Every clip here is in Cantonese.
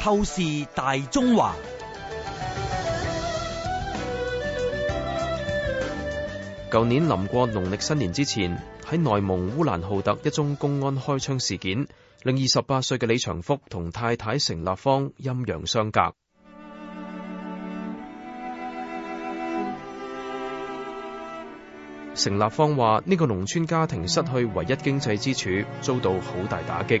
透視大中華。舊年臨過農曆新年之前，喺內蒙烏蘭浩特一宗公安開槍事件，令二十八歲嘅李長福同太太成立方陰陽相隔。成立方話：呢個農村家庭失去唯一經濟支柱，遭到好大打擊。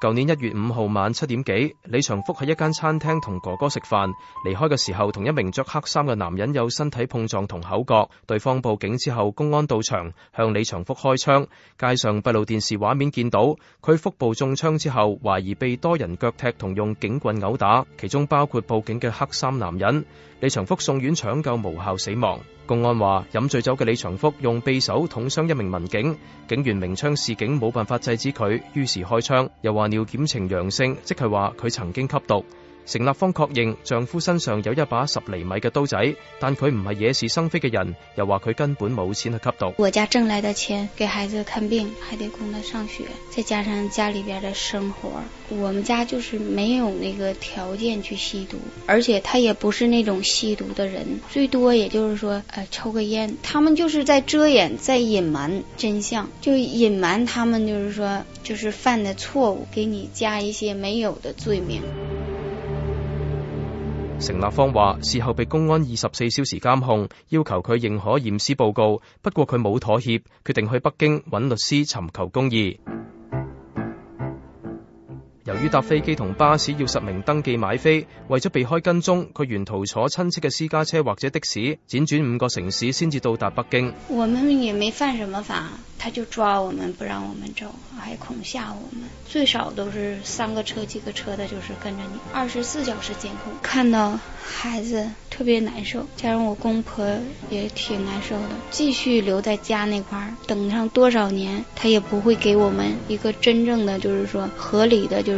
舊年一月五號晚七點幾，李長福喺一間餐廳同哥哥食飯，離開嘅時候同一名着黑衫嘅男人有身體碰撞同口角，對方報警之後，公安到場向李長福開槍，街上閉路電視畫面見到佢腹部中槍之後，懷疑被多人腳踢同用警棍毆打，其中包括報警嘅黑衫男人，李長福送院搶救無效死亡。公安話，飲醉酒嘅李長福用匕首捅傷一名民警，警員鳴槍示警，冇辦法制止佢，於是開槍。又話尿檢呈陽性，即係話佢曾經吸毒。成立方確認丈夫身上有一把十厘米嘅刀仔，但佢唔係惹是生非嘅人，又話佢根本冇錢去吸毒。我家掙來的錢給孩子看病，還得供他上學，再加上家裏邊的生活，我們家就是沒有那個條件去吸毒，而且他也不是那種吸毒的人，最多也就是說，誒、呃、抽個煙。他們就是在遮掩、在隱瞞真相，就隱瞞他們就是說就是犯的錯誤，給你加一些沒有的罪名。成立方話事後被公安二十四小時監控，要求佢認可驗屍報告，不過佢冇妥協，決定去北京揾律師尋求公義。由於搭飛機同巴士要實名登記買飛，為咗避開跟蹤，佢沿途坐親戚嘅私家車或者的士，輾轉五個城市先至到達北京。我們也沒犯什麼法，他就抓我們，不讓我們走，還恐嚇我們，最少都是三個車幾個車的，就是跟着你，二十四小時監控，看到孩子特別難受，加上我公婆也挺難受的，繼續留在家那塊等上多少年，他也不會給我們一個真正的，就是說合理的。就。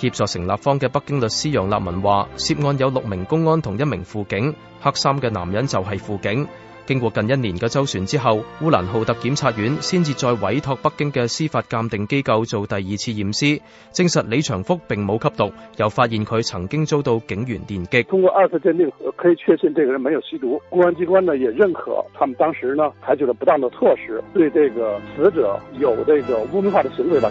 協助成立方嘅北京律師楊立文話，涉案有六名公安同一名輔警，黑衫嘅男人就係輔警。經過近一年嘅周旋之後，烏蘭浩特檢察院先至再委託北京嘅司法鑑定機構做第二次驗屍，證實李長福並冇吸毒，又發現佢曾經遭到警員電擊。通過二次鑑定，可以確信這個人沒有吸毒。公安機關呢也認可，他們當時呢採取了不當的措施，對這個死者有這個污名化的行為吧。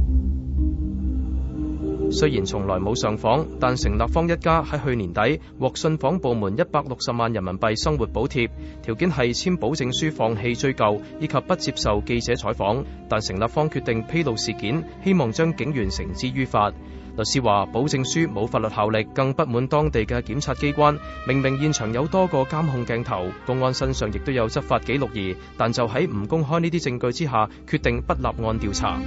雖然從來冇上訪，但成立方一家喺去年底獲信訪部門一百六十萬人民幣生活補貼，條件係簽保證書放棄追究以及不接受記者採訪。但成立方決定披露事件，希望將警員繩之於法。律師話保證書冇法律效力，更不滿當地嘅檢察機關，明明現場有多個監控鏡頭，公安身上亦都有執法記錄儀，但就喺唔公開呢啲證據之下，決定不立案調查。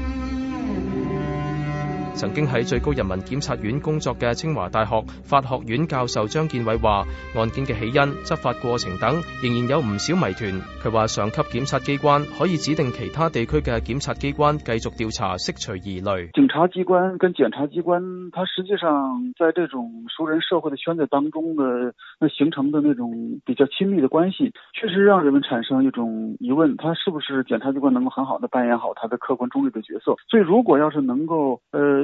曾經喺最高人民檢察院工作嘅清華大學法學院教授張建偉話：案件嘅起因、執法過程等仍然有唔少謎團。佢話上級檢察機關可以指定其他地區嘅檢察機關繼續調查，釋除疑慮。警察機關跟檢察機關，它實際上在這種熟人社會的圈子當中的，的那形成的那種比較親密的關係，確實讓人們產生一種疑問：，它是不是檢察機關能夠很好的扮演好它的客觀中立的角色？所以，如果要是能夠，呃。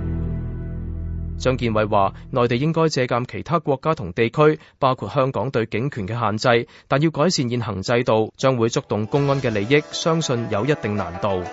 張建偉話：內地應該借鑒其他國家同地區，包括香港對警權嘅限制，但要改善現行制度，將會觸動公安嘅利益，相信有一定難度。